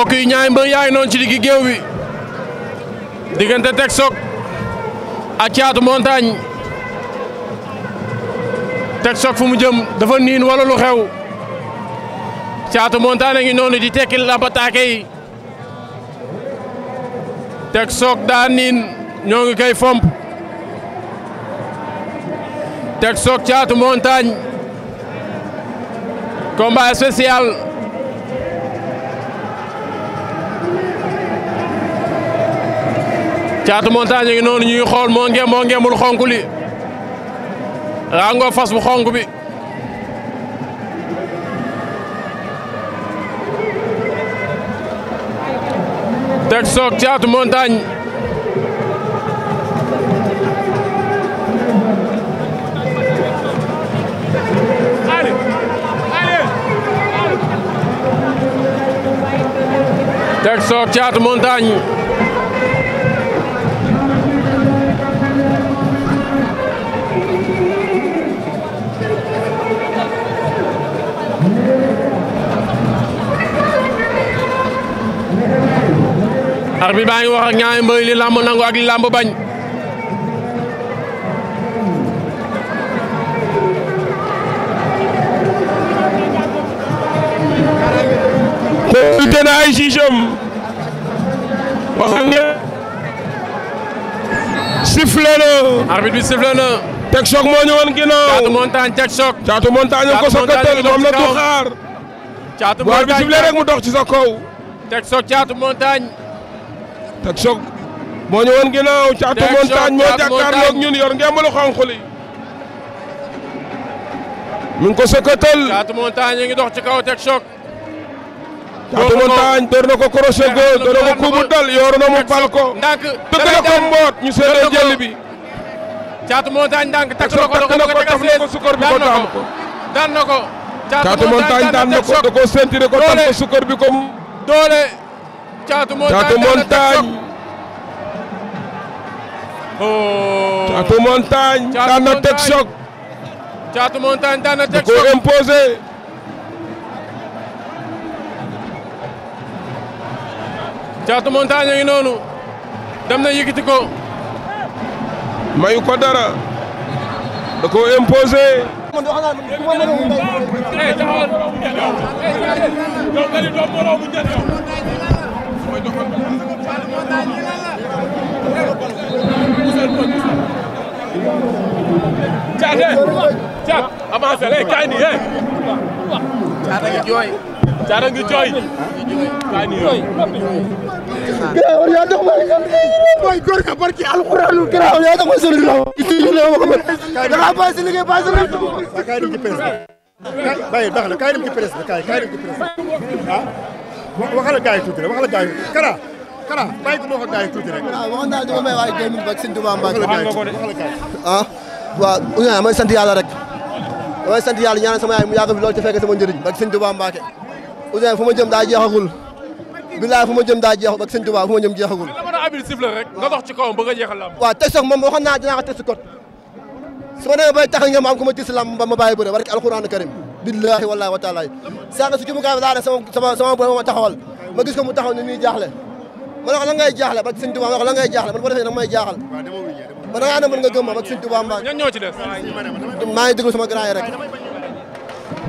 mbokk yi ñaari mbër yaay ngi noonu ci diggi géew bi diggante Tek Choc ak Thiatou Montagne Tek Choc fu mu jëm dafa niin wala lu xew Thiatou Montagne a ngi noonu di tekki lambataake yi Tek Choc daa niin ñoo ngi koy fomp Tek Choc Thiatou Montagne combat spécial caatu montagne ngi noonu ñuy xool moo ngeem moo ngeemul xonk li rangoo fas bu xonk bi teg soog caatu montagne teg soog caatu montagne arbitre baa ngi wax ak ñaari mbër li nangu ak li bañ consulté na ay siisam wax ak ña sifflé na arbitre bi sifflé na Tek Choc moo Caatu Montagne Tek Choc Caatu Montagne ko sokkatal moom la du xaar Caatu Montagne rek mu dox ci Caatu Montagne Tek Choc moo ñu woon ginnaaw caatu montagne moo jàkkaarloog ñun yor ngembalu xonq li mu ngi ko sëkkatal caatu montagne ngi dox ci kaw Tek Choc caatu montagne door na ko crochet go door ko kubu dal yor na mu fal ko dëgg na ko mboot ñu seedee jël bi caatu montagne ndànk takk na ko takk na ko taf ko sukar bi ko daan ko caatu bi ko doole Caatu Montagne Caatu Montagne daan na teg choc. Caatu Montagne daan na teg choc da koo imposé. Caatu Montagne ngi noonu dem na yëkkati ko. dara da koo imposé. kaay nii eh. caada ngi jooy. caada ngi jooy. kaay nii yooyu. gannaaw yaa tax ma mooy góor nga barki alxuraanul gannaaw yaa tax ma sori la. da ngaa bàyyi sa liggéey bàyyi sa rëb. kaay dem ci presse bi bàyyi baax na kaay dem ci presse bi kaay kaay dem ci presse bi ah waxal ak gars yi tuuti rek waxal ak gars yi kara kara bàyyi ko wax ak gars yi tuuti rek. waaw waxoon naa li ma may waaye 2000 ba ak sëñ Tuubaa Mbàkke. ah waaw Ousseynou maa ngi sant yàlla rek. damay sant yàlla ñaanal sama yaay mu yàgg fi loolu te fekk sama njëriñ bak sëñ Tuubaa Mbàkke Ousseyn fu ma jëm daa jeexagul bilaay fu ma daa jeexagul bak sëñ Tuubaa fu ma jëm jeexagul nga dox ci kawam ba nga jeexal lamb waaw teg sox moom waxoon naa nga ma am ko ma ba ma bàyyi bëre barke alxuraan karim billaahi wallaahi wa taala sama sama sama taxawal ma gis mu taxaw ni muy jaaxle ma ne ko la ngay jaaxle barke jaaxal ba da ngaa ne mën nga gëm ma ak suñ Tuubaa Mbàkke ñan ñoo ci des